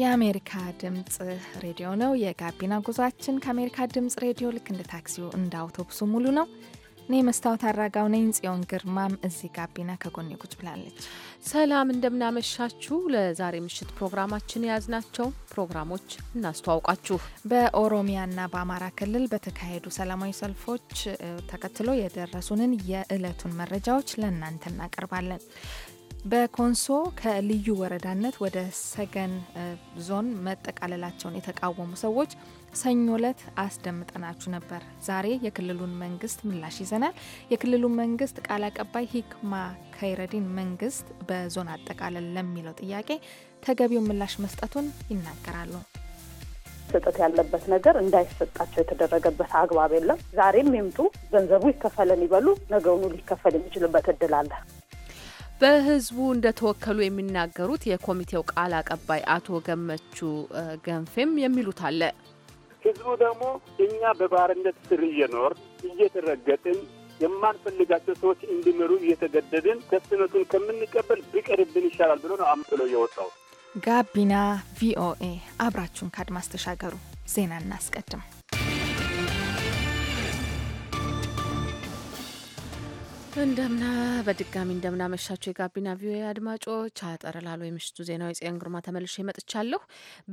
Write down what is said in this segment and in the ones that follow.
የአሜሪካ ድምፅ ሬዲዮ ነው። የጋቢና ጉዟችን ከአሜሪካ ድምፅ ሬዲዮ ልክ እንደ ታክሲው እንደ አውቶቡሱ ሙሉ ነው። እኔ መስታወት አራጋው ነኝ። ጽዮን ግርማም እዚህ ጋቢና ከጎን ቁጭ ብላለች። ሰላም እንደምናመሻችሁ። ለዛሬ ምሽት ፕሮግራማችን የያዝናቸው ፕሮግራሞች እናስተዋውቃችሁ። በኦሮሚያና በአማራ ክልል በተካሄዱ ሰላማዊ ሰልፎች ተከትሎ የደረሱንን የእለቱን መረጃዎች ለእናንተ እናቀርባለን። በኮንሶ ከልዩ ወረዳነት ወደ ሰገን ዞን መጠቃለላቸውን የተቃወሙ ሰዎች ሰኞ እለት አስደምጠናችሁ ነበር። ዛሬ የክልሉን መንግስት ምላሽ ይዘናል። የክልሉ መንግስት ቃል አቀባይ ሂክማ ከይረዲን መንግስት በዞን አጠቃለል ለሚለው ጥያቄ ተገቢው ምላሽ መስጠቱን ይናገራሉ። ስጠት ያለበት ነገር እንዳይሰጣቸው የተደረገበት አግባብ የለም። ዛሬም ይምጡ፣ ገንዘቡ ይከፈለን ይበሉ፣ ነገውኑ ሊከፈል የሚችልበት እድል አለ። በህዝቡ እንደተወከሉ የሚናገሩት የኮሚቴው ቃል አቀባይ አቶ ገመቹ ገንፌም የሚሉት አለ። ህዝቡ ደግሞ እኛ በባርነት ስር እየኖር እየተረገጥን የማንፈልጋቸው ሰዎች እንዲምሩ እየተገደድን ተስነቱን ከምንቀበል ቢቀርብን ይሻላል ብሎ ነው አምጥሎ የወጣው። ጋቢና ቪኦኤ አብራችሁን ከአድማስ ተሻገሩ። ዜና እናስቀድም። እንደምና በድጋሚ እንደምናመሻቸው የጋቢና ቪኦኤ አድማጮች አጠር ላሉ የምሽቱ ዜናዊ ጽዮን ግርማ ተመልሼ መጥቻለሁ።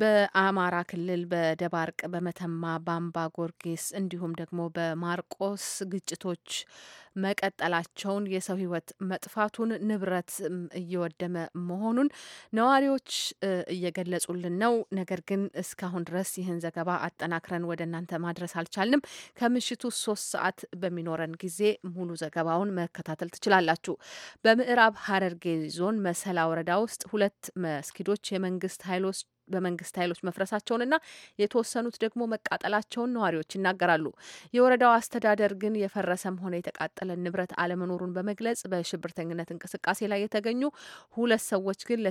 በአማራ ክልል በደባርቅ፣ በመተማ፣ ባምባ፣ ጎርጌስ እንዲሁም ደግሞ በማርቆስ ግጭቶች መቀጠላቸውን፣ የሰው ህይወት መጥፋቱን፣ ንብረት እየወደመ መሆኑን ነዋሪዎች እየገለጹልን ነው። ነገር ግን እስካሁን ድረስ ይህን ዘገባ አጠናክረን ወደ እናንተ ማድረስ አልቻልንም። ከምሽቱ ሶስት ሰዓት በሚኖረን ጊዜ ሙሉ ዘገባውን መከታተል ትችላላችሁ። በምዕራብ ሀረርጌ ዞን መሰላ ወረዳ ውስጥ ሁለት መስጊዶች የመንግስት ኃይሎች በመንግስት ኃይሎች መፍረሳቸውንና የተወሰኑት ደግሞ መቃጠላቸውን ነዋሪዎች ይናገራሉ። የወረዳው አስተዳደር ግን የፈረሰም ሆነ የተቃጠለ ንብረት አለመኖሩን በመግለጽ በሽብርተኝነት እንቅስቃሴ ላይ የተገኙ ሁለት ሰዎች ግን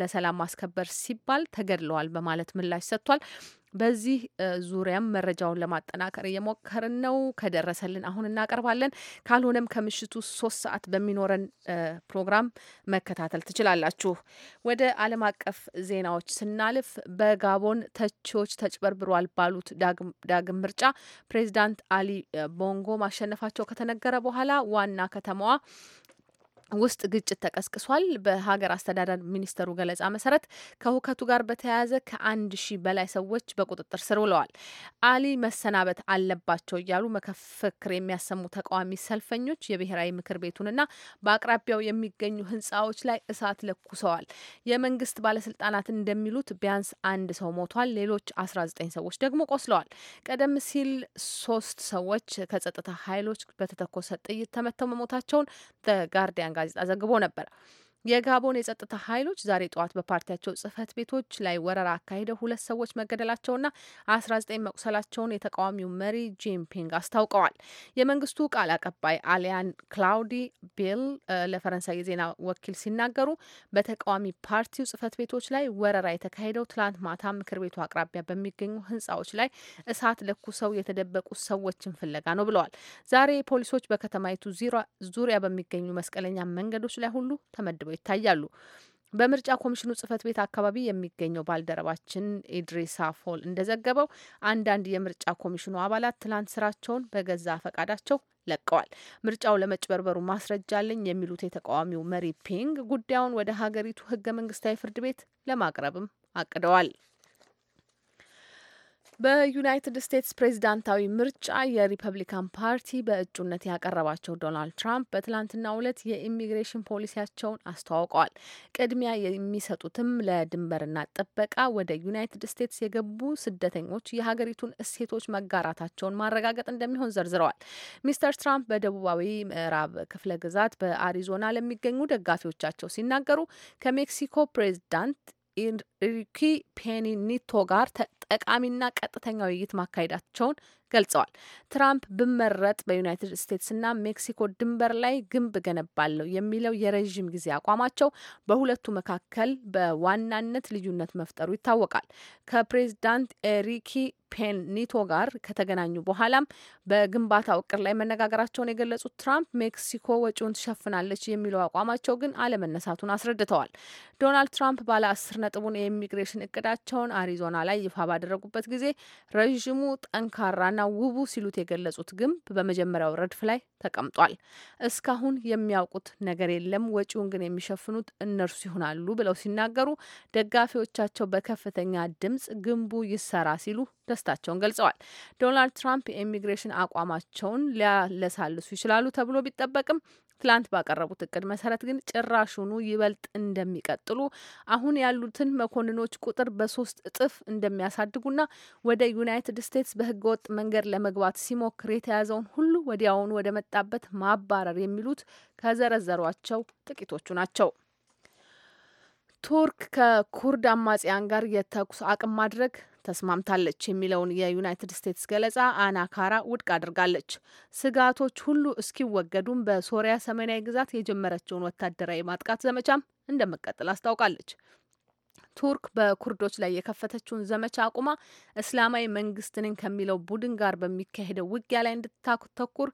ለሰላም ማስከበር ሲባል ተገድለዋል በማለት ምላሽ ሰጥቷል። በዚህ ዙሪያም መረጃውን ለማጠናከር እየሞከርን ነው። ከደረሰልን አሁን እናቀርባለን። ካልሆነም ከምሽቱ ሶስት ሰዓት በሚኖረን ፕሮግራም መከታተል ትችላላችሁ። ወደ ዓለም አቀፍ ዜናዎች ስናልፍ በጋቦን ተቺዎች ተጭበርብሯል ባሉት ዳግም ምርጫ ፕሬዚዳንት አሊ ቦንጎ ማሸነፋቸው ከተነገረ በኋላ ዋና ከተማዋ ውስጥ ግጭት ተቀስቅሷል። በሀገር አስተዳደር ሚኒስተሩ ገለጻ መሰረት ከሁከቱ ጋር በተያያዘ ከአንድ ሺህ በላይ ሰዎች በቁጥጥር ስር ውለዋል። አሊ መሰናበት አለባቸው እያሉ መፈክር የሚያሰሙ ተቃዋሚ ሰልፈኞች የብሔራዊ ምክር ቤቱንና በአቅራቢያው የሚገኙ ህንፃዎች ላይ እሳት ለኩሰዋል። የመንግስት ባለስልጣናት እንደሚሉት ቢያንስ አንድ ሰው ሞቷል፣ ሌሎች አስራ ዘጠኝ ሰዎች ደግሞ ቆስለዋል። ቀደም ሲል ሶስት ሰዎች ከጸጥታ ኃይሎች በተተኮሰ ጥይት ተመተው መሞታቸውን ጋርዲያን ጋዜጣ ዘግቦ ነበር። የጋቦን የጸጥታ ኃይሎች ዛሬ ጠዋት በፓርቲያቸው ጽህፈት ቤቶች ላይ ወረራ አካሂደው ሁለት ሰዎች መገደላቸውና አስራ ዘጠኝ መቁሰላቸውን የተቃዋሚው መሪ ጂንፒንግ አስታውቀዋል። የመንግስቱ ቃል አቀባይ አሊያን ክላውዲ ቤል ለፈረንሳይ የዜና ወኪል ሲናገሩ በተቃዋሚ ፓርቲው ጽህፈት ቤቶች ላይ ወረራ የተካሄደው ትላንት ማታ ምክር ቤቱ አቅራቢያ በሚገኙ ህንጻዎች ላይ እሳት ለኩሰው የተደበቁ ሰዎችን ፍለጋ ነው ብለዋል። ዛሬ ፖሊሶች በከተማይቱ ዙሪያ በሚገኙ መስቀለኛ መንገዶች ላይ ሁሉ ተመድበ ተመዝግበው ይታያሉ። በምርጫ ኮሚሽኑ ጽህፈት ቤት አካባቢ የሚገኘው ባልደረባችን ኢድሪሳ ፎል እንደዘገበው አንዳንድ የምርጫ ኮሚሽኑ አባላት ትላንት ስራቸውን በገዛ ፈቃዳቸው ለቀዋል። ምርጫው ለመጭበርበሩ ማስረጃ አለኝ የሚሉት የተቃዋሚው መሪ ፒንግ ጉዳዩን ወደ ሀገሪቱ ህገ መንግስታዊ ፍርድ ቤት ለማቅረብም አቅደዋል። በዩናይትድ ስቴትስ ፕሬዚዳንታዊ ምርጫ የሪፐብሊካን ፓርቲ በእጩነት ያቀረባቸው ዶናልድ ትራምፕ በትላንትናው ዕለት የኢሚግሬሽን ፖሊሲያቸውን አስተዋውቀዋል። ቅድሚያ የሚሰጡትም ለድንበርና ጥበቃ ወደ ዩናይትድ ስቴትስ የገቡ ስደተኞች የሀገሪቱን እሴቶች መጋራታቸውን ማረጋገጥ እንደሚሆን ዘርዝረዋል። ሚስተር ትራምፕ በደቡባዊ ምዕራብ ክፍለ ግዛት በአሪዞና ለሚገኙ ደጋፊዎቻቸው ሲናገሩ ከሜክሲኮ ፕሬዚዳንት ኢንሪኪ ፔኒኒቶ ጋር ጠቃሚና ቀጥተኛ ውይይት ማካሄዳቸውን ገልጸዋል። ትራምፕ ብመረጥ በዩናይትድ ስቴትስና ሜክሲኮ ድንበር ላይ ግንብ ገነባለሁ የሚለው የረዥም ጊዜ አቋማቸው በሁለቱ መካከል በዋናነት ልዩነት መፍጠሩ ይታወቃል። ከፕሬዚዳንት ኤሪኪ ፔን ጋር ከተገናኙ በኋላም በግንባታ ውቅር ላይ መነጋገራቸውን የገለጹት ትራምፕ ሜክሲኮ ወጪውን ትሸፍናለች የሚለው አቋማቸው ግን አለመነሳቱን አስረድተዋል። ዶናልድ ትራምፕ ባለ አስር ነጥቡን የኢሚግሬሽን እቅዳቸውን አሪዞና ላይ ይፋ ባደረጉበት ጊዜ ረዥሙ ጠንካራና ውቡ ሲሉት የገለጹት ግንብ በመጀመሪያው ረድፍ ላይ ተቀምጧል። እስካሁን የሚያውቁት ነገር የለም፣ ወጪውን ግን የሚሸፍኑት እነርሱ ይሆናሉ ብለው ሲናገሩ ደጋፊዎቻቸው በከፍተኛ ድምጽ ግንቡ ይሰራ ሲሉ ደስታቸውን ገልጸዋል። ዶናልድ ትራምፕ የኢሚግሬሽን አቋማቸውን ሊያለሳልሱ ይችላሉ ተብሎ ቢጠበቅም ትላንት ባቀረቡት እቅድ መሰረት ግን ጭራሹኑ ይበልጥ እንደሚቀጥሉ አሁን ያሉትን መኮንኖች ቁጥር በሶስት እጥፍ እንደሚያሳድጉና ወደ ዩናይትድ ስቴትስ በህገወጥ መንገድ ለመግባት ሲሞክር የተያዘውን ሁሉ ወዲያውኑ ወደ መጣበት ማባረር የሚሉት ከዘረዘሯቸው ጥቂቶቹ ናቸው። ቱርክ ከኩርድ አማጽያን ጋር የተኩስ አቅም ማድረግ ተስማምታለች የሚለውን የዩናይትድ ስቴትስ ገለጻ አናካራ ውድቅ አድርጋለች። ስጋቶች ሁሉ እስኪወገዱም በሶሪያ ሰሜናዊ ግዛት የጀመረችውን ወታደራዊ ማጥቃት ዘመቻም እንደምትቀጥል አስታውቃለች። ቱርክ በኩርዶች ላይ የከፈተችውን ዘመቻ አቁማ እስላማዊ መንግስት ነኝ ከሚለው ቡድን ጋር በሚካሄደው ውጊያ ላይ እንድታተኩር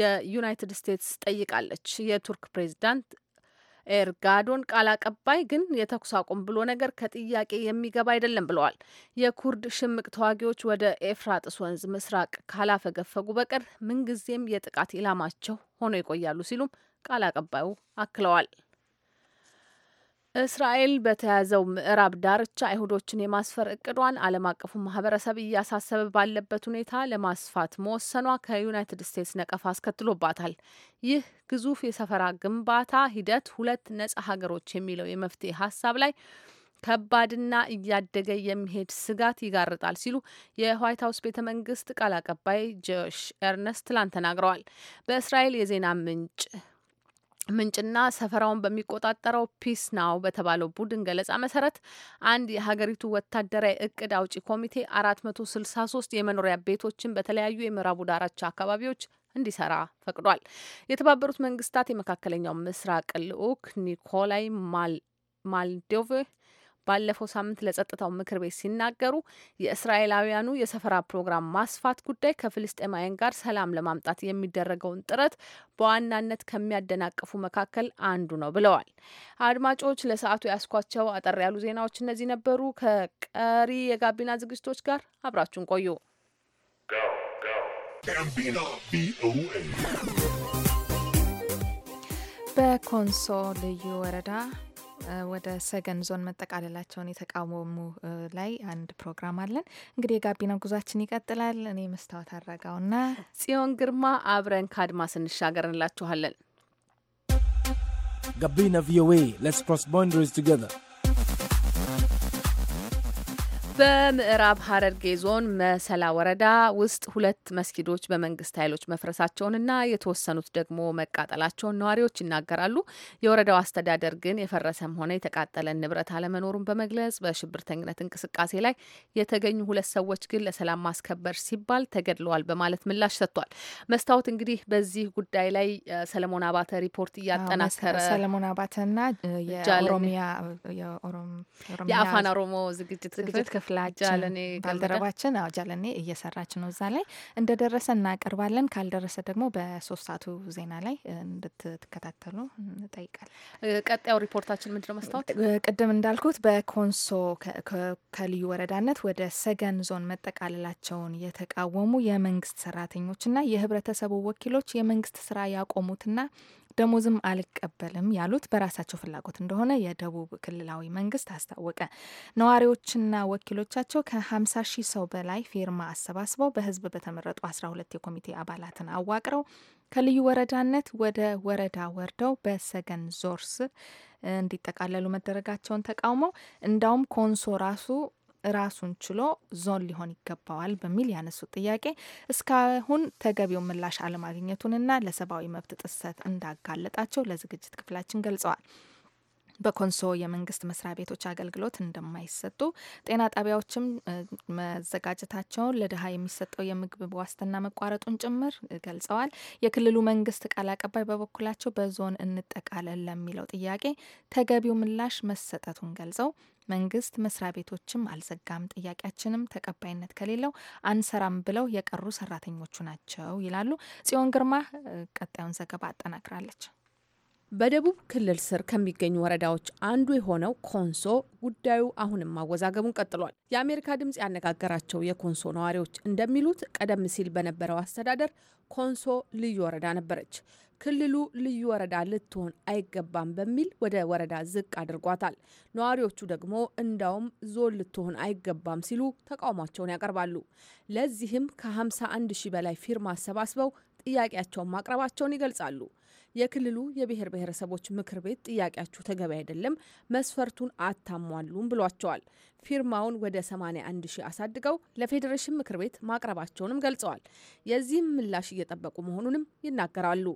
የዩናይትድ ስቴትስ ጠይቃለች። የቱርክ ፕሬዚዳንት ኤርጋዶን ቃል አቀባይ ግን የተኩስ አቁም ብሎ ነገር ከጥያቄ የሚገባ አይደለም ብለዋል። የኩርድ ሽምቅ ተዋጊዎች ወደ ኤፍራጥስ ወንዝ ምስራቅ ካላፈገፈጉ በቀር ምንጊዜም የጥቃት ኢላማቸው ሆነው ይቆያሉ ሲሉም ቃል አቀባዩ አክለዋል። እስራኤል በተያዘው ምዕራብ ዳርቻ አይሁዶችን የማስፈር እቅዷን ዓለም አቀፉ ማህበረሰብ እያሳሰበ ባለበት ሁኔታ ለማስፋት መወሰኗ ከዩናይትድ ስቴትስ ነቀፋ አስከትሎባታል። ይህ ግዙፍ የሰፈራ ግንባታ ሂደት ሁለት ነጻ ሀገሮች የሚለው የመፍትሄ ሀሳብ ላይ ከባድና እያደገ የሚሄድ ስጋት ይጋርጣል ሲሉ የዋይት ሀውስ ቤተ መንግስት ቃል አቀባይ ጆሽ ኤርነስት ትላንት ተናግረዋል። በእስራኤል የዜና ምንጭ ምንጭና ሰፈራውን በሚቆጣጠረው ፒስ ናው በተባለው ቡድን ገለጻ መሰረት አንድ የሀገሪቱ ወታደራዊ እቅድ አውጪ ኮሚቴ አራት መቶ ስልሳ ሶስት የመኖሪያ ቤቶችን በተለያዩ የምዕራቡ ዳራቻ አካባቢዎች እንዲሰራ ፈቅዷል። የተባበሩት መንግስታት የመካከለኛው ምስራቅ ልዑክ ኒኮላይ ማልዶቭ ባለፈው ሳምንት ለጸጥታው ምክር ቤት ሲናገሩ የእስራኤላውያኑ የሰፈራ ፕሮግራም ማስፋት ጉዳይ ከፍልስጤማውያን ጋር ሰላም ለማምጣት የሚደረገውን ጥረት በዋናነት ከሚያደናቅፉ መካከል አንዱ ነው ብለዋል። አድማጮች፣ ለሰዓቱ ያስኳቸው አጠር ያሉ ዜናዎች እነዚህ ነበሩ። ከቀሪ የጋቢና ዝግጅቶች ጋር አብራችሁን ቆዩ። በኮንሶ ልዩ ወረዳ ወደ ሰገን ዞን መጠቃለላቸውን የተቃወሙ ላይ አንድ ፕሮግራም አለን። እንግዲህ የጋቢና ጉዟችን ይቀጥላል። እኔ መስታወት አረጋውና ጽዮን ግርማ አብረን ከአድማስ እንሻገር እንላችኋለን። ጋቢና ቪኦኤ ሌትስ ክሮስ ባውንደሪስ ቱጌዘር በምዕራብ ሐረርጌ ዞን መሰላ ወረዳ ውስጥ ሁለት መስጊዶች በመንግስት ኃይሎች መፍረሳቸውንና የተወሰኑት ደግሞ መቃጠላቸውን ነዋሪዎች ይናገራሉ። የወረዳው አስተዳደር ግን የፈረሰም ሆነ የተቃጠለ ንብረት አለመኖሩን በመግለጽ በሽብርተኝነት እንቅስቃሴ ላይ የተገኙ ሁለት ሰዎች ግን ለሰላም ማስከበር ሲባል ተገድለዋል በማለት ምላሽ ሰጥቷል። መስታወት እንግዲህ በዚህ ጉዳይ ላይ ሰለሞን አባተ ሪፖርት እያጠናከረ ሰለሞን አባተና የኦሮሚያ የአፋን ኦሮሞ ዝግጅት ዝግጅት ክፍላችን ባልደረባችን ጃለኔ እየሰራች ነው። እዛ ላይ እንደደረሰ እናቀርባለን። ካልደረሰ ደግሞ በሶስት ሰዓቱ ዜና ላይ እንድትከታተሉ እንጠይቃል። ቀጣዩ ሪፖርታችን ምንድነው? መስታወት ቅድም እንዳልኩት በኮንሶ ከልዩ ወረዳነት ወደ ሰገን ዞን መጠቃለላቸውን የተቃወሙ የመንግስት ሰራተኞችና የህብረተሰቡ ወኪሎች የመንግስት ስራ ያቆሙትና ደሞዝም አልቀበልም ያሉት በራሳቸው ፍላጎት እንደሆነ የደቡብ ክልላዊ መንግስት አስታወቀ። ነዋሪዎችና ወኪሎቻቸው ከ50 ሺህ ሰው በላይ ፊርማ አሰባስበው በህዝብ በተመረጡ 12 የኮሚቴ አባላትን አዋቅረው ከልዩ ወረዳነት ወደ ወረዳ ወርደው በሰገን ዞርስ እንዲጠቃለሉ መደረጋቸውን ተቃውመው እንዳውም ኮንሶ ራሱ ራሱን ችሎ ዞን ሊሆን ይገባዋል በሚል ያነሱት ጥያቄ እስካሁን ተገቢው ምላሽ አለማግኘቱንና ለሰብአዊ መብት ጥሰት እንዳጋለጣቸው ለዝግጅት ክፍላችን ገልጸዋል። በኮንሶ የመንግስት መስሪያ ቤቶች አገልግሎት እንደማይሰጡ፣ ጤና ጣቢያዎችም መዘጋጀታቸውን፣ ለድሀ የሚሰጠው የምግብ ዋስትና መቋረጡን ጭምር ገልጸዋል። የክልሉ መንግስት ቃል አቀባይ በበኩላቸው በዞን እንጠቃለን ለሚለው ጥያቄ ተገቢው ምላሽ መሰጠቱን ገልጸው መንግስት መስሪያ ቤቶችም አልዘጋም፣ ጥያቄያችንም ተቀባይነት ከሌለው አንሰራም ብለው የቀሩ ሰራተኞቹ ናቸው ይላሉ። ጽዮን ግርማ ቀጣዩን ዘገባ አጠናክራለች በደቡብ ክልል ስር ከሚገኙ ወረዳዎች አንዱ የሆነው ኮንሶ ጉዳዩ አሁንም ማወዛገቡን ቀጥሏል። የአሜሪካ ድምጽ ያነጋገራቸው የኮንሶ ነዋሪዎች እንደሚሉት ቀደም ሲል በነበረው አስተዳደር ኮንሶ ልዩ ወረዳ ነበረች። ክልሉ ልዩ ወረዳ ልትሆን አይገባም በሚል ወደ ወረዳ ዝቅ አድርጓታል። ነዋሪዎቹ ደግሞ እንዳውም ዞን ልትሆን አይገባም ሲሉ ተቃውሟቸውን ያቀርባሉ። ለዚህም ከ51 ሺ በላይ ፊርማ አሰባስበው ጥያቄያቸውን ማቅረባቸውን ይገልጻሉ። የክልሉ የብሔር ብሔረሰቦች ምክር ቤት ጥያቄያችሁ ተገቢ አይደለም፣ መስፈርቱን አታሟሉም ብሏቸዋል። ፊርማውን ወደ 81 ሺህ አሳድገው ለፌዴሬሽን ምክር ቤት ማቅረባቸውንም ገልጸዋል። የዚህም ምላሽ እየጠበቁ መሆኑንም ይናገራሉ።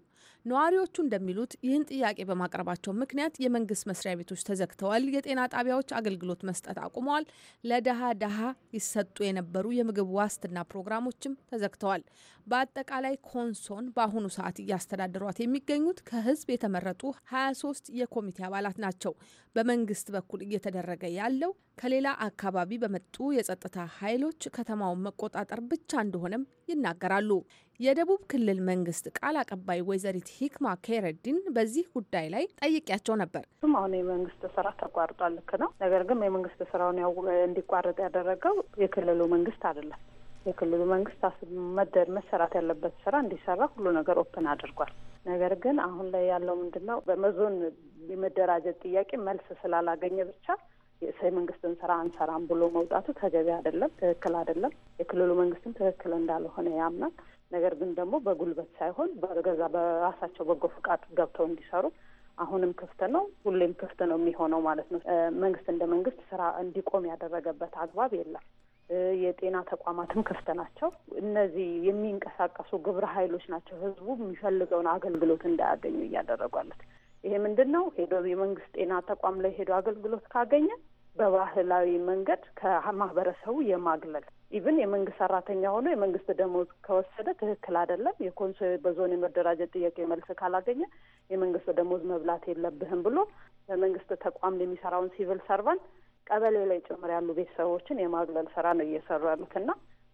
ነዋሪዎቹ እንደሚሉት ይህን ጥያቄ በማቅረባቸው ምክንያት የመንግስት መስሪያ ቤቶች ተዘግተዋል፣ የጤና ጣቢያዎች አገልግሎት መስጠት አቁመዋል፣ ለደሃ ደሃ ይሰጡ የነበሩ የምግብ ዋስትና ፕሮግራሞችም ተዘግተዋል። በአጠቃላይ ኮንሶን በአሁኑ ሰዓት እያስተዳደሯት የሚገኙት ከህዝብ የተመረጡ 23 የኮሚቴ አባላት ናቸው። በመንግስት በኩል እየተደረገ ያለው ከሌላ አካባቢ በመጡ የጸጥታ ኃይሎች ከተማውን መቆጣጠር ብቻ እንደሆነም ይናገራሉ። የደቡብ ክልል መንግስት ቃል አቀባይ ወይዘሪት ሂክማ ኬረዲን በዚህ ጉዳይ ላይ ጠይቂያቸው ነበር። እሱም አሁን የመንግስት ስራ ተቋርጧል፣ ልክ ነው። ነገር ግን የመንግስት ስራውን እንዲቋረጥ ያደረገው የክልሉ መንግስት አይደለም። የክልሉ መንግስት መደር መሰራት ያለበት ስራ እንዲሰራ ሁሉ ነገር ኦፕን አድርጓል። ነገር ግን አሁን ላይ ያለው ምንድን ነው? በመዞን የመደራጀት ጥያቄ መልስ ስላላገኘ ብቻ መንግስትን ስራ አንሰራም ብሎ መውጣቱ ተገቢ አይደለም፣ ትክክል አይደለም። የክልሉ መንግስትም ትክክል እንዳልሆነ ያምናል። ነገር ግን ደግሞ በጉልበት ሳይሆን በገዛ በራሳቸው በጎ ፈቃድ ገብተው እንዲሰሩ አሁንም ክፍት ነው፣ ሁሌም ክፍት ነው የሚሆነው ማለት ነው። መንግስት እንደ መንግስት ስራ እንዲቆም ያደረገበት አግባብ የለም። የጤና ተቋማትም ክፍት ናቸው። እነዚህ የሚንቀሳቀሱ ግብረ ኃይሎች ናቸው ህዝቡ የሚፈልገውን አገልግሎት እንዳያገኙ እያደረጓለት። ይሄ ምንድን ነው? ሄዶ የመንግስት ጤና ተቋም ላይ ሄዶ አገልግሎት ካገኘ በባህላዊ መንገድ ከማህበረሰቡ የማግለል ኢቭን የመንግስት ሰራተኛ ሆኖ የመንግስት ደሞዝ ከወሰደ ትክክል አይደለም። የኮንሶ በዞን የመደራጀት ጥያቄ መልስ ካላገኘ የመንግስት ደሞዝ መብላት የለብህም ብሎ በመንግስት ተቋም የሚሰራውን ሲቪል ሰርቫንት ቀበሌ ላይ ጭምር ያሉ ቤተሰቦችን የማግለል ስራ ነው እየሰሩ ያሉት እና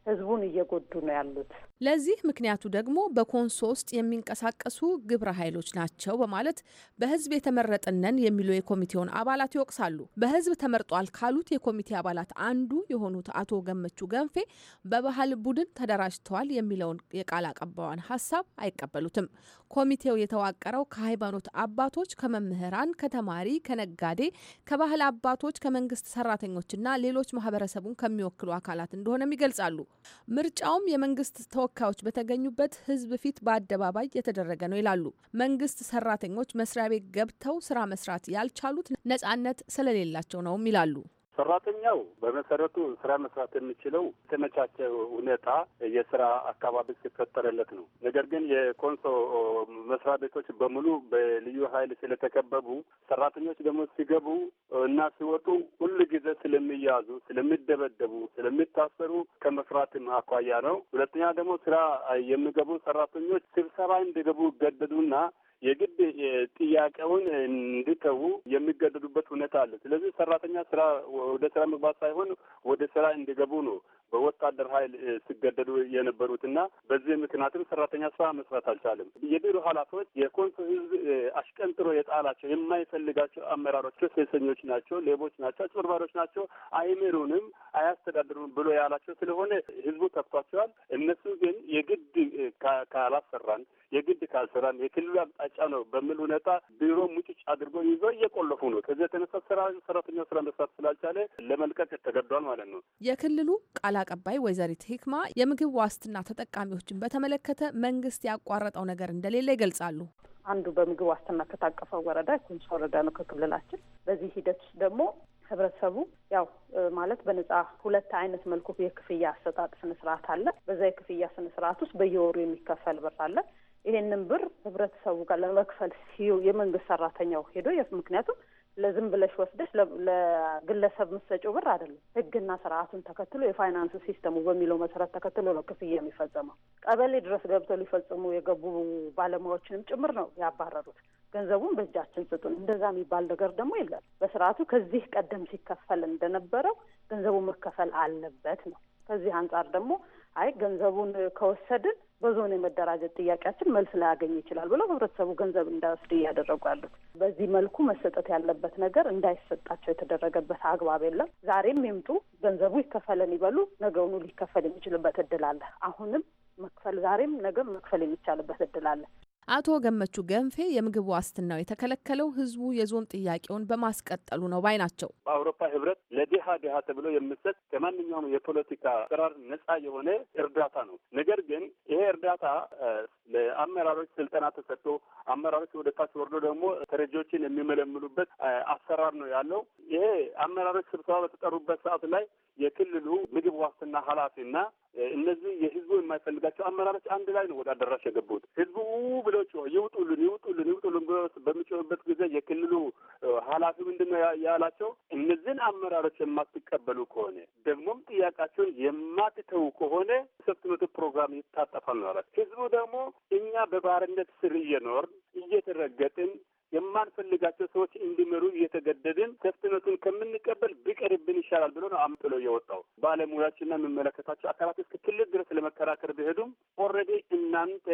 ህዝቡን እየጎዱ ነው ያሉት። ለዚህ ምክንያቱ ደግሞ በኮንሶ ውስጥ የሚንቀሳቀሱ ግብረ ኃይሎች ናቸው በማለት በህዝብ የተመረጥነን የሚለው የኮሚቴውን አባላት ይወቅሳሉ። በህዝብ ተመርጧል ካሉት የኮሚቴ አባላት አንዱ የሆኑት አቶ ገመቹ ገንፌ በባህል ቡድን ተደራጅተዋል የሚለውን የቃል አቀባዋን ሀሳብ አይቀበሉትም። ኮሚቴው የተዋቀረው ከሃይማኖት አባቶች፣ ከመምህራን፣ ከተማሪ፣ ከነጋዴ፣ ከባህል አባቶች፣ ከመንግስት ሰራተኞችና ሌሎች ማህበረሰቡን ከሚወክሉ አካላት እንደሆነም ይገልጻሉ። ምርጫውም የመንግስት ተወካዮች በተገኙበት ህዝብ ፊት በአደባባይ የተደረገ ነው ይላሉ። መንግስት ሰራተኞች መስሪያ ቤት ገብተው ስራ መስራት ያልቻሉት ነጻነት ስለሌላቸው ነውም ይላሉ። ሰራተኛው በመሰረቱ ስራ መስራት የሚችለው የተመቻቸ ሁኔታ የስራ አካባቢ ሲፈጠረለት ነው። ነገር ግን የኮንሶ መስሪያ ቤቶች በሙሉ በልዩ ኃይል ስለተከበቡ ሰራተኞች ደግሞ ሲገቡ እና ሲወጡ ሁሉ ጊዜ ስለሚያዙ፣ ስለሚደበደቡ፣ ስለሚታሰሩ ከመስራትም አኳያ ነው። ሁለተኛ ደግሞ ስራ የሚገቡ ሰራተኞች ስብሰባ እንዲገቡ ይገደዱና የግድ ጥያቄውን እንድተዉ የሚገደዱበት ሁኔታ አለ። ስለዚህ ሰራተኛ ስራ ወደ ስራ መግባት ሳይሆን ወደ ስራ እንዲገቡ ነው በወታደር ኃይል ሲገደዱ የነበሩትና በዚህ ምክንያትም ሰራተኛ ስራ መስራት አልቻለም። የቢሮ ኃላፊዎች የኮንሶ ህዝብ አሽቀንጥሮ የጣላቸው የማይፈልጋቸው አመራሮች ሴሰኞች ናቸው፣ ሌቦች ናቸው፣ አጭበርባሪዎች ናቸው፣ አይምሩንም፣ አያስተዳድሩን ብሎ ያላቸው ስለሆነ ህዝቡ ተብቷቸዋል። እነሱ ግን የግድ ካላሰራን የግድ ካልሰራን የክልሉ አቅጣጫ ነው በሚል ሁኔታ ቢሮ ሙጭጭ አድርጎ ይዞ እየቆለፉ ነው። ከዚህ የተነሳ ስራ ሰራተኛው ስራ መስራት ስላልቻለ ለመልቀቅ ተገዷል ማለት ነው። የክልሉ ቃል አቀባይ ወይዘሪት ሂክማ የምግብ ዋስትና ተጠቃሚዎችን በተመለከተ መንግስት ያቋረጠው ነገር እንደሌለ ይገልጻሉ። አንዱ በምግብ ዋስትና ከታቀፈው ወረዳ ኮንሶ ወረዳ ነው ከክልላችን። በዚህ ሂደት ውስጥ ደግሞ ህብረተሰቡ ያው ማለት በነጻ ሁለት አይነት መልኩ የክፍያ አሰጣጥ ስነስርዓት አለ። በዛ የክፍያ ስነስርዓት ውስጥ በየወሩ የሚከፈል ብር አለ። ይሄንን ብር ህብረተሰቡ ጋር ለመክፈል ሲዩ የመንግስት ሰራተኛው ሄዶ ምክንያቱም ለዝም ብለሽ ወስደሽ ለግለሰብ ምሰጪው ብር አይደለም። ህግና ስርዓቱን ተከትሎ የፋይናንስ ሲስተሙ በሚለው መሰረት ተከትሎ ነው ክፍያ የሚፈጸመው። ቀበሌ ድረስ ገብተው ሊፈጽሙ የገቡ ባለሙያዎችንም ጭምር ነው ያባረሩት። ገንዘቡን በእጃችን ስጡን እንደዛ የሚባል ነገር ደግሞ የለም። በስርዓቱ ከዚህ ቀደም ሲከፈል እንደነበረው ገንዘቡ መከፈል አለበት ነው። ከዚህ አንጻር ደግሞ አይ ገንዘቡን ከወሰድን በዞን የመደራጀት ጥያቄያችን መልስ ላያገኝ ይችላል ብለው ህብረተሰቡ ገንዘብ እንዳይወስድ እያደረጉ ያሉት። በዚህ መልኩ መሰጠት ያለበት ነገር እንዳይሰጣቸው የተደረገበት አግባብ የለም። ዛሬም ይምጡ ገንዘቡ ይከፈለን ይበሉ፣ ነገውኑ ሊከፈል የሚችልበት እድል አለ። አሁንም መክፈል ዛሬም ነገም መክፈል የሚቻልበት እድል አለ። አቶ ገመቹ ገንፌ የምግብ ዋስትናው የተከለከለው ህዝቡ የዞን ጥያቄውን በማስቀጠሉ ነው ባይ ናቸው። በአውሮፓ ህብረት ለድሃ ድሃ ተብሎ የምሰጥ ከማንኛውም የፖለቲካ አሰራር ነጻ የሆነ እርዳታ ነው። ነገር ግን ይሄ እርዳታ ለአመራሮች ስልጠና ተሰጥቶ አመራሮች ወደ ታች ወርዶ ደግሞ ተረጂዎችን የሚመለምሉበት አሰራር ነው ያለው። ይሄ አመራሮች ስብሰባ በተጠሩበት ሰዓት ላይ የክልሉ ምግብ ዋስትና ኃላፊ እነዚህ የህዝቡ የማይፈልጋቸው አመራሮች አንድ ላይ ነው ወደ አዳራሽ የገቡት። ህዝቡ ብሎ ጮኸ፣ ይውጡልን፣ ይውጡልን፣ ይውጡልን ብሎ በሚጮህበት ጊዜ የክልሉ ኃላፊ ምንድን ነው ያላቸው? እነዚህን አመራሮች የማትቀበሉ ከሆነ ደግሞም ጥያቄያቸውን የማትተው ከሆነ ሰብት መቶ ፕሮግራም ይታጠፋል ነው ያላቸው። ህዝቡ ደግሞ እኛ በባርነት ስር እየኖርን እየተረገጥን የማንፈልጋቸው ሰዎች እንዲመሩ እየተገደድን ከፍትነቱን ከምንቀበል ቢቀርብን ይሻላል ብሎ ነው አምጥሎ የወጣው። ባለሙያዎችና የምመለከታቸው አካላት እስከ ክልል ድረስ ለመከራከር ቢሄዱም ኦልሬዲ እናንተ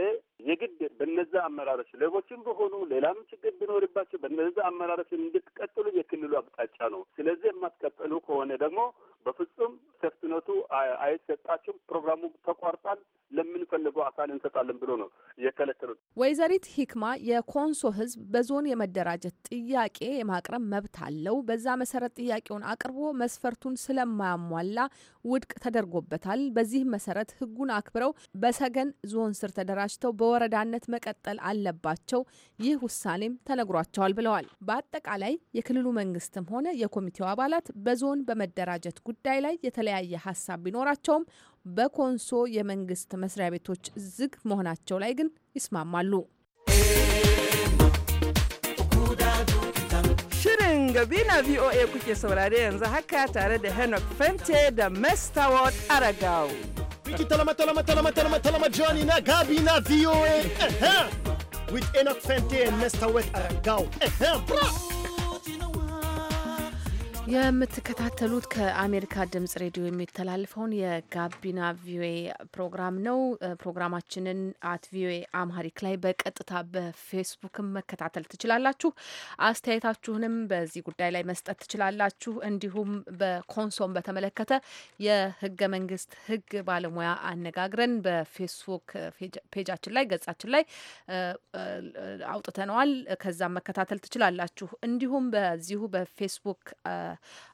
የግድ በነዛ አመራሮች ሌቦችን በሆኑ ሌላም ችግር ቢኖርባቸው በነዛ አመራሮች እንድትቀጥሉ የክልሉ አቅጣጫ ነው። ስለዚህ የማትቀጥሉ ከሆነ ደግሞ በፍጹም ሰፍትነቱ አይሰጣችሁም፣ ፕሮግራሙ ተቋርጧል፣ ለምንፈልገው አካል እንሰጣለን ብሎ ነው የከለከሉት። ወይዘሪት ሂክማ የኮንሶ ህዝብ በዞን የመደራጀት ጥያቄ የማቅረብ መብት አለው። በዛ መሰረት ጥያቄውን አቅርቦ መስፈርቱን ስለማያሟላ ውድቅ ተደርጎበታል። በዚህ መሰረት ህጉን አክብረው በሰገን ዞን ስር ተደራጅተው በወረዳነት መቀጠል አለባቸው። ይህ ውሳኔም ተነግሯቸዋል ብለዋል። በአጠቃላይ የክልሉ መንግስትም ሆነ የኮሚቴው አባላት በዞን በመደራጀት ጉዳይ ላይ የተለያየ ሀሳብ ቢኖራቸውም በኮንሶ የመንግስት መስሪያ ቤቶች ዝግ መሆናቸው ላይ ግን ይስማማሉ። Shirin Gabina VOA kuke saurare yanzu haka tare da Henok Fente da Mestaward Aragao. Wiki talama talama talama talama talama Johnny na Gabina VOA. With Henok Fente and Mestaward Aragao. የምትከታተሉት ከአሜሪካ ድምጽ ሬዲዮ የሚተላልፈውን የጋቢና ቪኦኤ ፕሮግራም ነው። ፕሮግራማችንን አት ቪኦኤ አማሪክ ላይ በቀጥታ በፌስቡክም መከታተል ትችላላችሁ። አስተያየታችሁንም በዚህ ጉዳይ ላይ መስጠት ትችላላችሁ። እንዲሁም በኮንሶም በተመለከተ የህገ መንግስት ህግ ባለሙያ አነጋግረን በፌስቡክ ፔጃችን ላይ ገጻችን ላይ አውጥተነዋል። ከዛም መከታተል ትችላላችሁ። እንዲሁም በዚሁ በፌስቡክ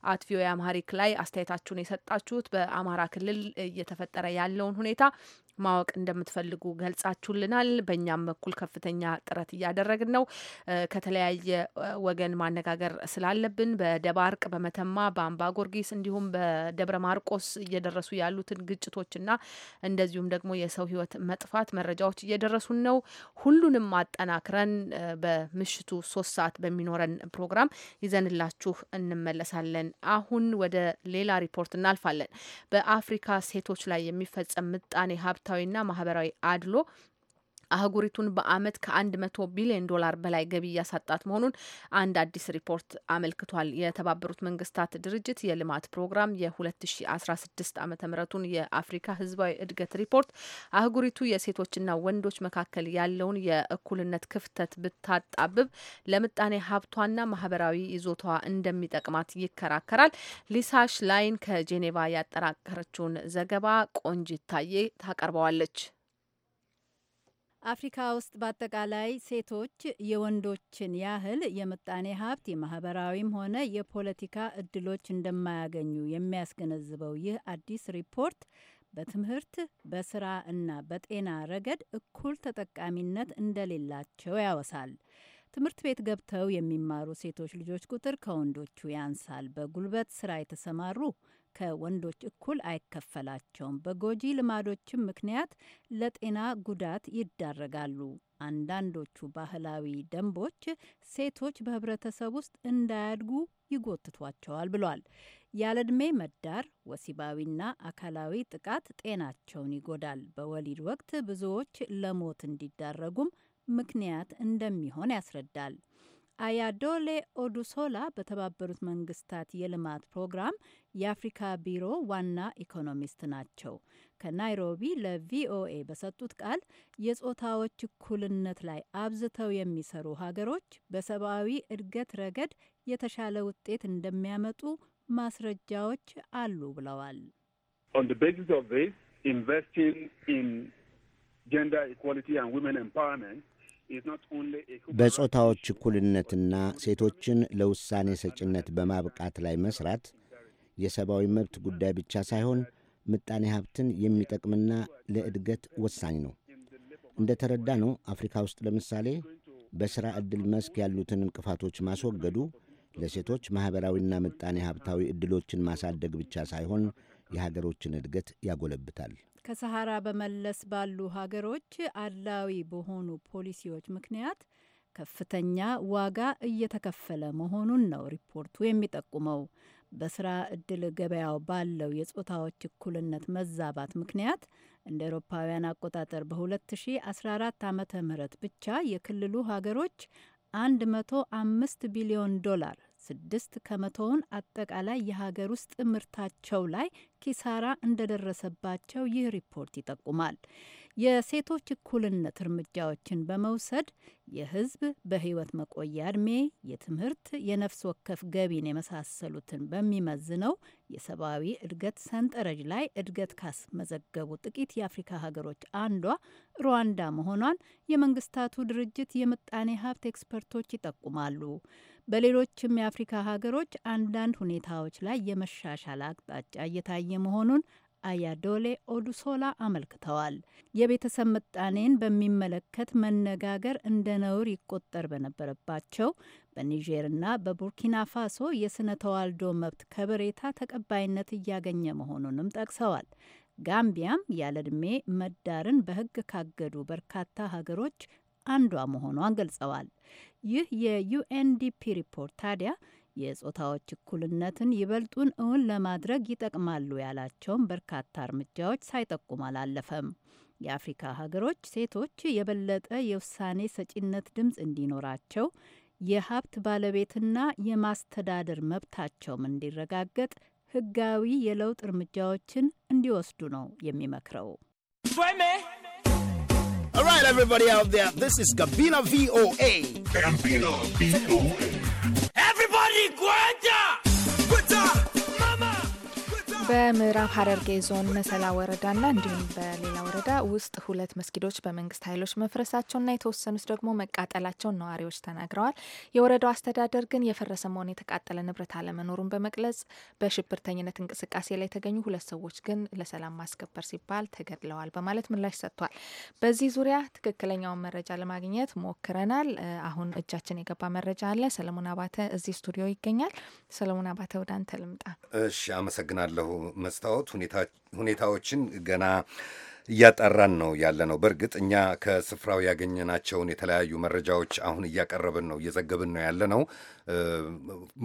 በአትቪዮ የአማሪክ ላይ አስተያየታችሁን የሰጣችሁት በአማራ ክልል እየተፈጠረ ያለውን ሁኔታ ማወቅ እንደምትፈልጉ ገልጻችሁልናል። በእኛም በኩል ከፍተኛ ጥረት እያደረግን ነው። ከተለያየ ወገን ማነጋገር ስላለብን በደባርቅ፣ በመተማ፣ በአምባ ጎርጊስ እንዲሁም በደብረ ማርቆስ እየደረሱ ያሉትን ግጭቶችና እንደዚሁም ደግሞ የሰው ሕይወት መጥፋት መረጃዎች እየደረሱን ነው። ሁሉንም አጠናክረን በምሽቱ ሶስት ሰዓት በሚኖረን ፕሮግራም ይዘንላችሁ እንመለሳለን። አሁን ወደ ሌላ ሪፖርት እናልፋለን። በአፍሪካ ሴቶች ላይ የሚፈጸም ምጣኔ ሀብት ወቅታዊና ማህበራዊ አድሎ አህጉሪቱን በዓመት ከ መቶ ቢሊዮን ዶላር በላይ ገቢ እያሳጣት መሆኑን አንድ አዲስ ሪፖርት አመልክቷል። የተባበሩት መንግስታት ድርጅት የልማት ፕሮግራም የ2016 ዓ ምቱን የአፍሪካ ህዝባዊ እድገት ሪፖርት አህጉሪቱ የሴቶችና ወንዶች መካከል ያለውን የእኩልነት ክፍተት ብታጣብብ ለምጣኔ ሀብቷና ማህበራዊ ይዞታዋ እንደሚጠቅማት ይከራከራል። ሊሳሽ ላይን ከጄኔቫ ያጠራቀረችውን ዘገባ ቆንጂት ታዬ ታቀርበዋለች። አፍሪካ ውስጥ በአጠቃላይ ሴቶች የወንዶችን ያህል የምጣኔ ሀብት የማህበራዊም ሆነ የፖለቲካ እድሎች እንደማያገኙ የሚያስገነዝበው ይህ አዲስ ሪፖርት በትምህርት በስራ እና በጤና ረገድ እኩል ተጠቃሚነት እንደሌላቸው ያወሳል። ትምህርት ቤት ገብተው የሚማሩ ሴቶች ልጆች ቁጥር ከወንዶቹ ያንሳል። በጉልበት ስራ የተሰማሩ ከወንዶች እኩል አይከፈላቸውም። በጎጂ ልማዶችም ምክንያት ለጤና ጉዳት ይዳረጋሉ። አንዳንዶቹ ባህላዊ ደንቦች ሴቶች በህብረተሰብ ውስጥ እንዳያድጉ ይጎትቷቸዋል ብሏል። ያለዕድሜ መዳር፣ ወሲባዊና አካላዊ ጥቃት ጤናቸውን ይጎዳል። በወሊድ ወቅት ብዙዎች ለሞት እንዲዳረጉም ምክንያት እንደሚሆን ያስረዳል። አያዶሌ ኦዱሶላ በተባበሩት መንግስታት የልማት ፕሮግራም የአፍሪካ ቢሮ ዋና ኢኮኖሚስት ናቸው። ከናይሮቢ ለቪኦኤ በሰጡት ቃል የጾታዎች እኩልነት ላይ አብዝተው የሚሰሩ ሀገሮች በሰብአዊ እድገት ረገድ የተሻለ ውጤት እንደሚያመጡ ማስረጃዎች አሉ ብለዋል። ኢንቨስቲንግ ኢን ጀንደር ኢኳሊቲ ኤንድ ዊመን ኤምፓወርመንት በጾታዎች እኩልነትና ሴቶችን ለውሳኔ ሰጭነት በማብቃት ላይ መስራት የሰብአዊ መብት ጉዳይ ብቻ ሳይሆን ምጣኔ ሀብትን የሚጠቅምና ለእድገት ወሳኝ ነው። እንደ ተረዳ ነው አፍሪካ ውስጥ ለምሳሌ በሥራ ዕድል መስክ ያሉትን እንቅፋቶች ማስወገዱ ለሴቶች ማኅበራዊና ምጣኔ ሀብታዊ ዕድሎችን ማሳደግ ብቻ ሳይሆን የሀገሮችን እድገት ያጎለብታል። ከሰሃራ በመለስ ባሉ ሀገሮች አድላዊ በሆኑ ፖሊሲዎች ምክንያት ከፍተኛ ዋጋ እየተከፈለ መሆኑን ነው ሪፖርቱ የሚጠቁመው። በስራ እድል ገበያው ባለው የጾታዎች እኩልነት መዛባት ምክንያት እንደ ኤሮፓውያን አቆጣጠር በ2014 ዓ ም ብቻ የክልሉ ሀገሮች 105 ቢሊዮን ዶላር ስድስት ከመቶውን አጠቃላይ የሀገር ውስጥ ምርታቸው ላይ ኪሳራ እንደደረሰባቸው ይህ ሪፖርት ይጠቁማል። የሴቶች እኩልነት እርምጃዎችን በመውሰድ የህዝብ በህይወት መቆያ እድሜ፣ የትምህርት፣ የነፍስ ወከፍ ገቢን የመሳሰሉትን በሚመዝነው የሰብአዊ እድገት ሰንጠረዥ ላይ እድገት ካስመዘገቡ ጥቂት የአፍሪካ ሀገሮች አንዷ ሩዋንዳ መሆኗን የመንግስታቱ ድርጅት የምጣኔ ሀብት ኤክስፐርቶች ይጠቁማሉ። በሌሎችም የአፍሪካ ሀገሮች አንዳንድ ሁኔታዎች ላይ የመሻሻል አቅጣጫ እየታየ መሆኑን አያዶሌ ኦዱሶላ አመልክተዋል። የቤተሰብ ምጣኔን በሚመለከት መነጋገር እንደ ነውር ይቆጠር በነበረባቸው በኒጀርና በቡርኪና ፋሶ የስነ ተዋልዶ መብት ከበሬታ ተቀባይነት እያገኘ መሆኑንም ጠቅሰዋል። ጋምቢያም ያለዕድሜ መዳርን በሕግ ካገዱ በርካታ ሀገሮች አንዷ መሆኗን ገልጸዋል። ይህ የዩኤንዲፒ ሪፖርት ታዲያ የጾታዎች እኩልነትን ይበልጡን እውን ለማድረግ ይጠቅማሉ ያላቸውን በርካታ እርምጃዎች ሳይጠቁም አላለፈም። የአፍሪካ ሀገሮች ሴቶች የበለጠ የውሳኔ ሰጪነት ድምፅ እንዲኖራቸው የሀብት ባለቤትና የማስተዳደር መብታቸውም እንዲረጋገጥ ህጋዊ የለውጥ እርምጃዎችን እንዲወስዱ ነው የሚመክረው። All right, everybody out there, this is Gabina VOA. Gabina VOA. Everybody, go! በምዕራብ ሐረርጌ ዞን መሰላ ወረዳና እንዲሁም በሌላ ወረዳ ውስጥ ሁለት መስጊዶች በመንግስት ኃይሎች መፍረሳቸውና የተወሰኑት ደግሞ መቃጠላቸውን ነዋሪዎች ተናግረዋል። የወረዳው አስተዳደር ግን የፈረሰ መሆን የተቃጠለ ንብረት አለመኖሩን በመግለጽ በሽብርተኝነት እንቅስቃሴ ላይ የተገኙ ሁለት ሰዎች ግን ለሰላም ማስከበር ሲባል ተገድለዋል በማለት ምላሽ ሰጥቷል። በዚህ ዙሪያ ትክክለኛውን መረጃ ለማግኘት ሞክረናል። አሁን እጃችን የገባ መረጃ አለ። ሰለሞን አባተ እዚህ ስቱዲዮ ይገኛል። ሰለሞን አባተ ወደ አንተ ልምጣ። እሺ፣ አመሰግናለሁ መስታወት ሁኔታዎችን ገና እያጠራን ነው ያለ ነው። በእርግጥ እኛ ከስፍራው ያገኘናቸውን የተለያዩ መረጃዎች አሁን እያቀረብን ነው እየዘገብን ነው ያለ ነው።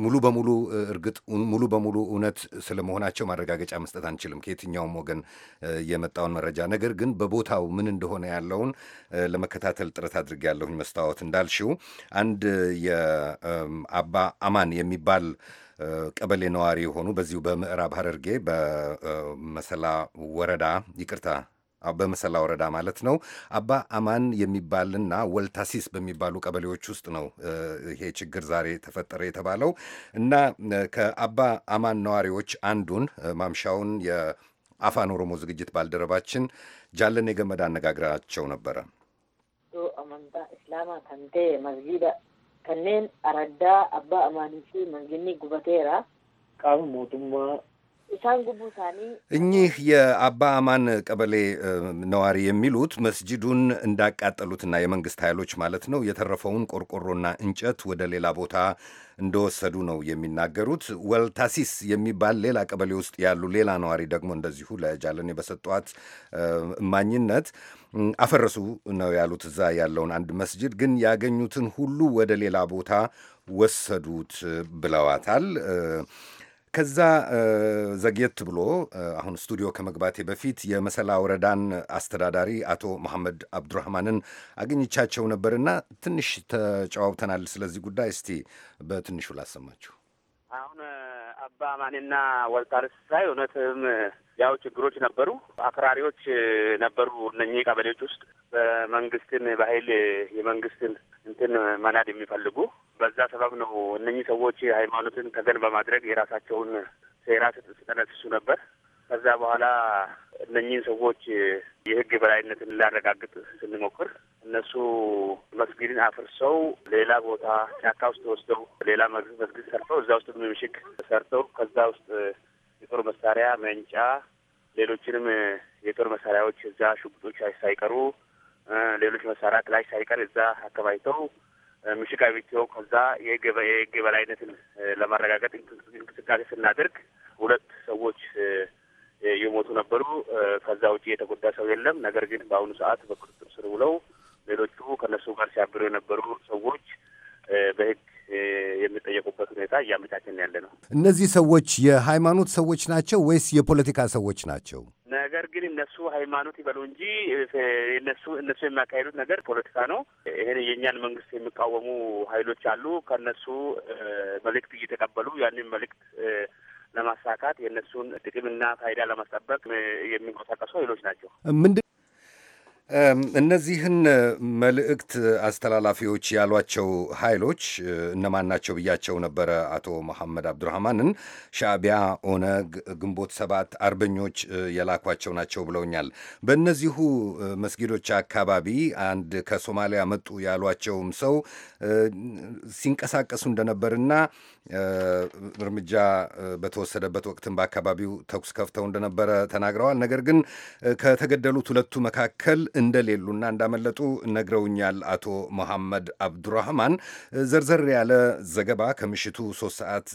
ሙሉ በሙሉ እርግጥ ሙሉ በሙሉ እውነት ስለመሆናቸው ማረጋገጫ መስጠት አንችልም፣ ከየትኛውም ወገን የመጣውን መረጃ። ነገር ግን በቦታው ምን እንደሆነ ያለውን ለመከታተል ጥረት ያለሁኝ። መስታወት እንዳልሽው አንድ የአባ አማን የሚባል ቀበሌ ነዋሪ የሆኑ በዚሁ በምዕራብ ሐረርጌ በመሰላ ወረዳ ይቅርታ በመሰላ ወረዳ ማለት ነው። አባ አማን የሚባልና ወልታሲስ በሚባሉ ቀበሌዎች ውስጥ ነው ይሄ ችግር ዛሬ ተፈጠረ የተባለው እና ከአባ አማን ነዋሪዎች አንዱን ማምሻውን የአፋን ኦሮሞ ዝግጅት ባልደረባችን ጃለን የገመዳ አነጋግራቸው ነበረ። እስላማ መስጊዳ kanneen araddaa abbaa amaanii fi manginni gubateera qaama mootummaa እኚህ የአባ አማን ቀበሌ ነዋሪ የሚሉት መስጂዱን እንዳቃጠሉትና የመንግስት ኃይሎች ማለት ነው የተረፈውን ቆርቆሮና እንጨት ወደ ሌላ ቦታ እንደወሰዱ ነው የሚናገሩት። ወልታሲስ የሚባል ሌላ ቀበሌ ውስጥ ያሉ ሌላ ነዋሪ ደግሞ እንደዚሁ ለጃለኔ በሰጧት እማኝነት አፈረሱ ነው ያሉት። እዛ ያለውን አንድ መስጂድ ግን ያገኙትን ሁሉ ወደ ሌላ ቦታ ወሰዱት ብለዋታል። ከዛ ዘግየት ብሎ አሁን ስቱዲዮ ከመግባቴ በፊት የመሰላ ወረዳን አስተዳዳሪ አቶ መሐመድ አብዱራህማንን አግኝቻቸው ነበርና ትንሽ ተጨዋውተናል። ስለዚህ ጉዳይ እስቲ በትንሹ ላሰማችሁ። አሁን አባ ማኔና ወልታርስ ሳይ እውነትም ያው ችግሮች ነበሩ፣ አክራሪዎች ነበሩ። እነኚህ ቀበሌዎች ውስጥ በመንግስትን በኃይል የመንግስትን እንትን መናድ የሚፈልጉ በዛ ሰበብ ነው እነኚህ ሰዎች ሃይማኖትን ተገን በማድረግ የራሳቸውን ሴራ ሲጠነስሱ ነበር። ከዛ በኋላ እነኚህን ሰዎች የህግ የበላይነትን ላረጋግጥ ስንሞክር እነሱ መስጊድን አፍርሰው ሌላ ቦታ ጫካ ውስጥ ወስደው ሌላ መስጊድ ሰርተው እዛ ውስጥ ምሽግ ሰርተው ከዛ ውስጥ የጦር መሳሪያ መንጫ፣ ሌሎችንም የጦር መሳሪያዎች እዛ ሽጉጦች ሳይቀሩ ሌሎች መሳሪያ ክላሽ ሳይቀር እዛ አከባይተው ምሽቃ ቤቴው ከዛ የህግ የበላይነትን ለማረጋገጥ እንቅስቃሴ ስናደርግ ሁለት ሰዎች የሞቱ ነበሩ። ከዛ ውጭ የተጎዳ ሰው የለም። ነገር ግን በአሁኑ ሰዓት በቁጥጥር ስር ውለው ሌሎቹ ከነሱ ጋር ሲያብሩ የነበሩ ሰዎች በህግ የሚጠየቁበት ሁኔታ እያመቻችን ያለ ነው። እነዚህ ሰዎች የሃይማኖት ሰዎች ናቸው ወይስ የፖለቲካ ሰዎች ናቸው? ነገር ግን እነሱ ሃይማኖት ይበሉ እንጂ እነሱ እነሱ የሚያካሄዱት ነገር ፖለቲካ ነው። ይህን የእኛን መንግስት የሚቃወሙ ሀይሎች አሉ። ከእነሱ መልእክት እየተቀበሉ ያንን መልእክት ለማሳካት የእነሱን ጥቅምና ፋይዳ ለማስጠበቅ የሚንቀሳቀሱ ሀይሎች ናቸው። ምንድን እነዚህን መልእክት አስተላላፊዎች ያሏቸው ኃይሎች እነማን ናቸው ብያቸው ነበረ። አቶ መሐመድ አብዱራህማንን ሻዕቢያ፣ ኦነግ፣ ግንቦት ሰባት አርበኞች የላኳቸው ናቸው ብለውኛል። በእነዚሁ መስጊዶች አካባቢ አንድ ከሶማሊያ መጡ ያሏቸውም ሰው ሲንቀሳቀሱ እንደነበርና እርምጃ በተወሰደበት ወቅትም በአካባቢው ተኩስ ከፍተው እንደነበረ ተናግረዋል። ነገር ግን ከተገደሉት ሁለቱ መካከል እንደሌሉና እንዳመለጡ ነግረውኛል። አቶ መሐመድ አብዱራህማን ዘርዘር ያለ ዘገባ ከምሽቱ ሶስት ሰዓት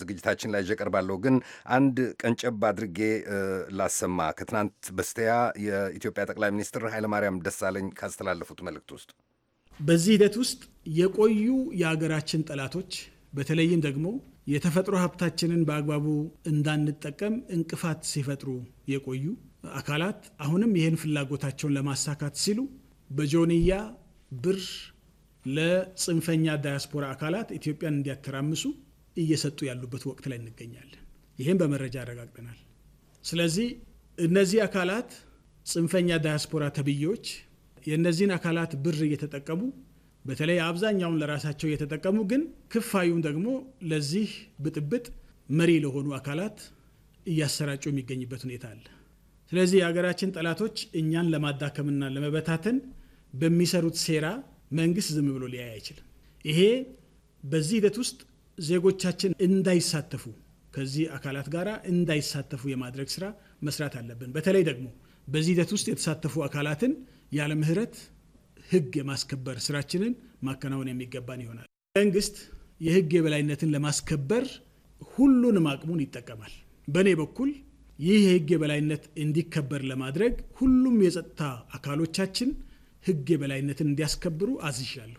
ዝግጅታችን ላይ እቀርባለሁ። ግን አንድ ቀንጨብ አድርጌ ላሰማ ከትናንት በስቲያ የኢትዮጵያ ጠቅላይ ሚኒስትር ኃይለማርያም ደሳለኝ ካስተላለፉት መልእክት ውስጥ በዚህ ሂደት ውስጥ የቆዩ የሀገራችን ጠላቶች በተለይም ደግሞ የተፈጥሮ ሀብታችንን በአግባቡ እንዳንጠቀም እንቅፋት ሲፈጥሩ የቆዩ አካላት አሁንም ይህን ፍላጎታቸውን ለማሳካት ሲሉ በጆንያ ብር ለጽንፈኛ ዳያስፖራ አካላት ኢትዮጵያን እንዲያተራምሱ እየሰጡ ያሉበት ወቅት ላይ እንገኛለን። ይህም በመረጃ አረጋግጠናል። ስለዚህ እነዚህ አካላት ጽንፈኛ ዳያስፖራ ተብዬዎች የእነዚህን አካላት ብር እየተጠቀሙ በተለይ አብዛኛውን ለራሳቸው የተጠቀሙ ግን ክፋዩን ደግሞ ለዚህ ብጥብጥ መሪ ለሆኑ አካላት እያሰራጩ የሚገኝበት ሁኔታ አለ። ስለዚህ የሀገራችን ጠላቶች እኛን ለማዳከምና ለመበታተን በሚሰሩት ሴራ መንግስት ዝም ብሎ ሊያይ አይችልም። ይሄ በዚህ ሂደት ውስጥ ዜጎቻችን እንዳይሳተፉ ከዚህ አካላት ጋር እንዳይሳተፉ የማድረግ ስራ መስራት አለብን። በተለይ ደግሞ በዚህ ሂደት ውስጥ የተሳተፉ አካላትን ያለ ምህረት ህግ የማስከበር ስራችንን ማከናወን የሚገባን ይሆናል። መንግስት የህግ የበላይነትን ለማስከበር ሁሉንም አቅሙን ይጠቀማል። በእኔ በኩል ይህ የህግ የበላይነት እንዲከበር ለማድረግ ሁሉም የጸጥታ አካሎቻችን ህግ የበላይነትን እንዲያስከብሩ አዝዣለሁ።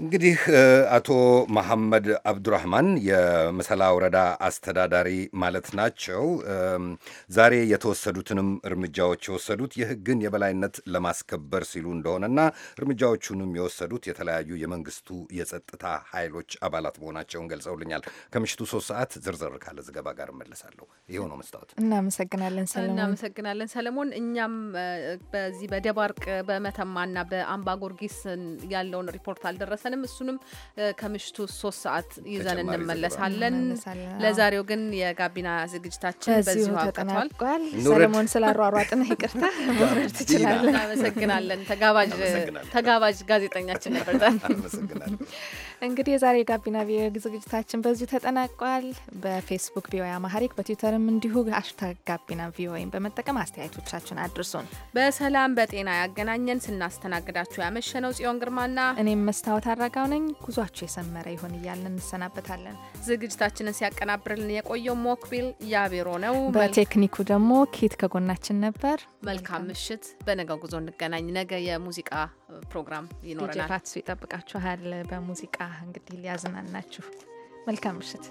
እንግዲህ አቶ መሐመድ አብዱራህማን የመሰላ ወረዳ አስተዳዳሪ ማለት ናቸው። ዛሬ የተወሰዱትንም እርምጃዎች የወሰዱት የሕግን የበላይነት ለማስከበር ሲሉ እንደሆነና እርምጃዎቹንም የወሰዱት የተለያዩ የመንግስቱ የጸጥታ ኃይሎች አባላት መሆናቸውን ገልጸውልኛል። ከምሽቱ ሶስት ሰዓት ዝርዝር ካለ ዘገባ ጋር እመለሳለሁ። ይኸው ነው መስታወት። እናመሰግናለን ሰለሞን። እናመሰግናለን ሰለሞን። እኛም በዚህ በደባርቅ በመተማና በአምባ ጎርጊስ ያለውን ሪፖርት አልደረሰ አልደረሰንም። እሱንም ከምሽቱ ሶስት ሰዓት ይዘን እንመለሳለን። ለዛሬው ግን የጋቢና ዝግጅታችን በዚሁ ተጠናቋል። ሰለሞን ስላሯሯጥን ይቅርታ። መውረድ ትችላለን። እናመሰግናለን። ተጋባዥ ጋዜጠኛችን ነበር። እንግዲህ የዛሬ ጋቢና ቪ ዝግጅታችን በዚሁ ተጠናቋል። በፌስቡክ ቪኦኤ አማሪክ በትዊተርም እንዲሁ ሀሽታግ ጋቢና ቪኦኤን በመጠቀም አስተያየቶቻችን አድርሱን። በሰላም በጤና ያገናኘን። ስናስተናግዳችሁ ያመሸነው ጽዮን ግርማና እኔም መስታወት አረጋው ነኝ። ጉዟችሁ የሰመረ ይሆን እያለን እንሰናበታለን። ዝግጅታችንን ሲያቀናብርልን የቆየው ሞክቢል ያቢሮ ነው። በቴክኒኩ ደግሞ ኬት ከጎናችን ነበር። መልካም ምሽት። በነገው ጉዞ እንገናኝ። ነገ የሙዚቃ ፕሮግራም ይኖረናል። ፋትሱ ይጠብቃችኋል በሙዚቃ እንግዲህ ሊያዝናናችሁ። መልካም ምሽት።